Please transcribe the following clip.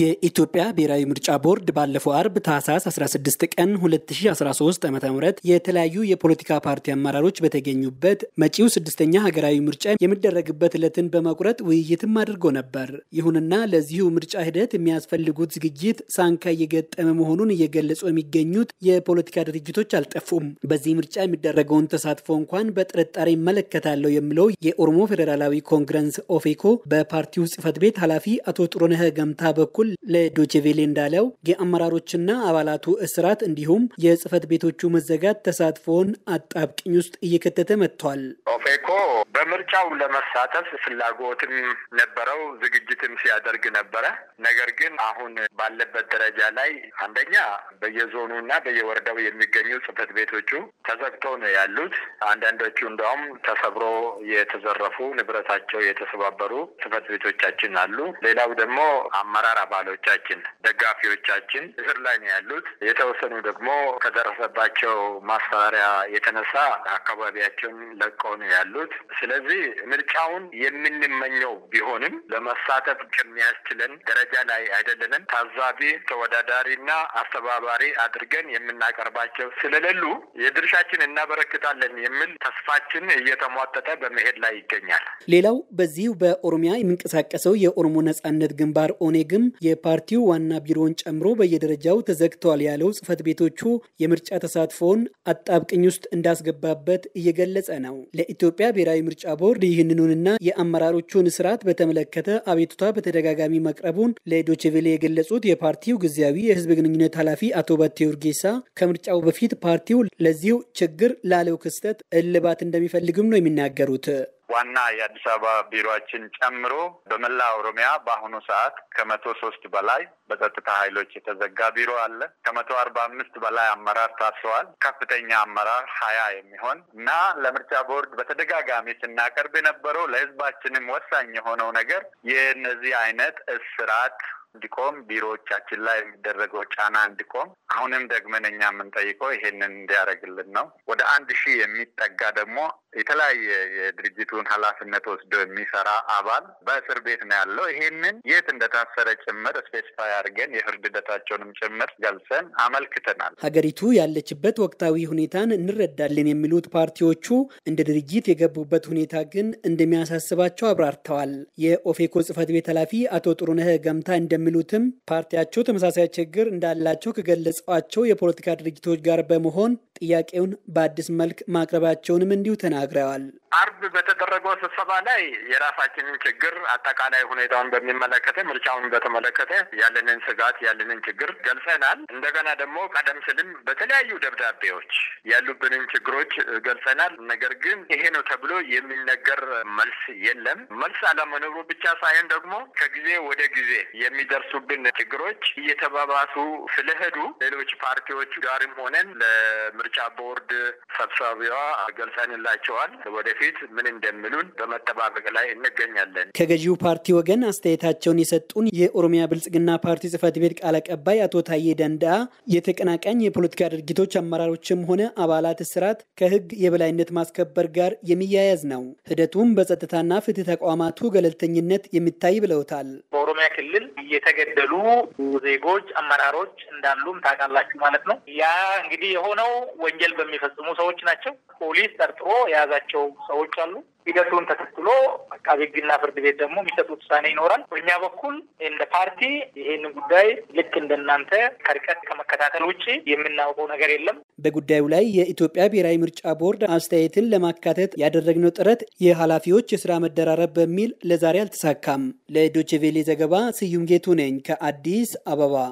የኢትዮጵያ ብሔራዊ ምርጫ ቦርድ ባለፈው አርብ ታህሳስ 16 ቀን 2013 ዓ ም የተለያዩ የፖለቲካ ፓርቲ አመራሮች በተገኙበት መጪው ስድስተኛ ሀገራዊ ምርጫ የሚደረግበት ዕለትን በመቁረጥ ውይይትም አድርጎ ነበር። ይሁንና ለዚሁ ምርጫ ሂደት የሚያስፈልጉት ዝግጅት ሳንካ እየገጠመ መሆኑን እየገለጹ የሚገኙት የፖለቲካ ድርጅቶች አልጠፉም። በዚህ ምርጫ የሚደረገውን ተሳትፎ እንኳን በጥርጣሬ ይመለከታለሁ የሚለው የኦሮሞ ፌዴራላዊ ኮንግረስ ኦፌኮ በፓርቲው ጽህፈት ቤት ኃላፊ አቶ ጥሩነህ ገምታ በኩል በኩል ለዶቼቬሌ እንዳለው የአመራሮችና አባላቱ እስራት እንዲሁም የጽህፈት ቤቶቹ መዘጋት ተሳትፎውን አጣብቅኝ ውስጥ እየከተተ መጥቷል። ኦፌኮ በምርጫው ለመሳተፍ ፍላጎትም ነበረው፣ ዝግጅትም ሲያደርግ ነበረ። ነገር ግን አሁን ባለበት ደረጃ ላይ አንደኛ በየዞኑ እና በየወረዳው የሚገኙ ጽህፈት ቤቶቹ ተዘግተው ነው ያሉት። አንዳንዶቹ እንደውም ተሰብሮ የተዘረፉ ንብረታቸው የተሰባበሩ ጽህፈት ቤቶቻችን አሉ። ሌላው ደግሞ አመራር አባሎቻችን፣ ደጋፊዎቻችን እስር ላይ ነው ያሉት። የተወሰኑ ደግሞ ከደረሰባቸው ማስፈራሪያ የተነሳ አካባቢያቸውን ለቀው ነው ያሉት። ስለዚህ ምርጫውን የምንመኘው ቢሆንም ለመሳተፍ ከሚያስችለን ደረጃ ላይ አይደለንም። ታዛቢ ተወዳዳሪና አስተባባሪ አድርገን የምናቀርባቸው ስለሌሉ የድርሻችን እናበረክታለን የሚል ተስፋችን እየተሟጠጠ በመሄድ ላይ ይገኛል። ሌላው በዚሁ በኦሮሚያ የሚንቀሳቀሰው የኦሮሞ ነጻነት ግንባር ኦኔግም የፓርቲው ዋና ቢሮውን ጨምሮ በየደረጃው ተዘግተዋል ያለው ጽህፈት ቤቶቹ የምርጫ ተሳትፎውን አጣብቅኝ ውስጥ እንዳስገባበት እየገለጸ ነው። ለኢትዮጵያ ብሔራዊ ምርጫ ቦርድ ይህንኑንና የአመራሮቹን ስርዓት በተመለከተ አቤቱታ በተደጋጋሚ መቅረቡን ለዶችቬሌ የገለጹት የፓርቲው ጊዜያዊ የህዝብ ግንኙነት ኃላፊ አቶ ባቴ ኡርጌሳ ከምርጫው በፊት ፓርቲው ለዚሁ ችግር ላለው ክስተት እልባት እንደሚፈልግም ነው የሚናገሩት። ዋና የአዲስ አበባ ቢሮችን ጨምሮ በመላ ኦሮሚያ በአሁኑ ሰዓት ከመቶ ሶስት በላይ በጸጥታ ኃይሎች የተዘጋ ቢሮ አለ። ከመቶ አርባ አምስት በላይ አመራር ታስረዋል። ከፍተኛ አመራር ሀያ የሚሆን እና ለምርጫ ቦርድ በተደጋጋሚ ስናቀርብ የነበረው ለህዝባችንም ወሳኝ የሆነው ነገር የእነዚህ አይነት እስራት እንዲቆም ቢሮዎቻችን ላይ የሚደረገው ጫና እንዲቆም አሁንም ደግመን እኛ የምንጠይቀው ይሄንን እንዲያደርግልን ነው። ወደ አንድ ሺህ የሚጠጋ ደግሞ የተለያየ የድርጅቱን ኃላፊነት ወስዶ የሚሰራ አባል በእስር ቤት ነው ያለው። ይሄንን የት እንደታሰረ ጭምር ስፔሲፋይ አድርገን የፍርድ ሂደታቸውንም ጭምር ገልጸን አመልክተናል። ሀገሪቱ ያለችበት ወቅታዊ ሁኔታን እንረዳለን የሚሉት ፓርቲዎቹ እንደ ድርጅት የገቡበት ሁኔታ ግን እንደሚያሳስባቸው አብራርተዋል። የኦፌኮ ጽህፈት ቤት ኃላፊ አቶ ጥሩነህ ገምታ እንደሚሉትም ፓርቲያቸው ተመሳሳይ ችግር እንዳላቸው ከገለጸዋቸው የፖለቲካ ድርጅቶች ጋር በመሆን ጥያቄውን በአዲስ መልክ ማቅረባቸውንም እንዲሁ ተናግረዋል። አርብ በተደረገው ስብሰባ ላይ የራሳችንን ችግር አጠቃላይ ሁኔታውን በሚመለከተ ምርጫውን በተመለከተ ያለንን ስጋት ያለንን ችግር ገልጸናል። እንደገና ደግሞ ቀደም ስልም በተለያዩ ደብዳቤዎች ያሉብንን ችግሮች ገልጸናል። ነገር ግን ይሄ ነው ተብሎ የሚነገር መልስ የለም። መልስ አለመኖሩ ብቻ ሳይሆን ደግሞ ከጊዜ ወደ ጊዜ የሚደርሱብን ችግሮች እየተባባሱ ስለሄዱ ሌሎች ፓርቲዎች ጋርም ሆነን ለምርጫ ቦርድ ሰብሳቢዋ ገልጸንላቸዋል ወደ ወደፊት ምን እንደሚሉን በመጠባበቅ ላይ እንገኛለን። ከገዢው ፓርቲ ወገን አስተያየታቸውን የሰጡን የኦሮሚያ ብልጽግና ፓርቲ ጽህፈት ቤት ቃል አቀባይ አቶ ታዬ ደንዳ የተቀናቃኝ የፖለቲካ ድርጊቶች አመራሮችም ሆነ አባላት እስራት ከህግ የበላይነት ማስከበር ጋር የሚያያዝ ነው። ሂደቱም በጸጥታና ፍትህ ተቋማቱ ገለልተኝነት የሚታይ ብለውታል። በኦሮሚያ ክልል እየተገደሉ ዜጎች፣ አመራሮች እንዳሉም ታውቃላችሁ ማለት ነው። ያ እንግዲህ የሆነው ወንጀል በሚፈጽሙ ሰዎች ናቸው። ፖሊስ ጠርጥሮ የያዛቸው ሰዎች አሉ። ሂደቱን ተከትሎ አቃቢ ሕግና ፍርድ ቤት ደግሞ የሚሰጡት ውሳኔ ይኖራል። በእኛ በኩል እንደ ፓርቲ ይህን ጉዳይ ልክ እንደናንተ ከርቀት ከመከታተል ውጭ የምናውቀው ነገር የለም። በጉዳዩ ላይ የኢትዮጵያ ብሔራዊ ምርጫ ቦርድ አስተያየትን ለማካተት ያደረግነው ጥረት የኃላፊዎች የስራ መደራረብ በሚል ለዛሬ አልተሳካም። ለዶችቬሌ ዘገባ ስዩም ጌቱ ነኝ ከአዲስ አበባ።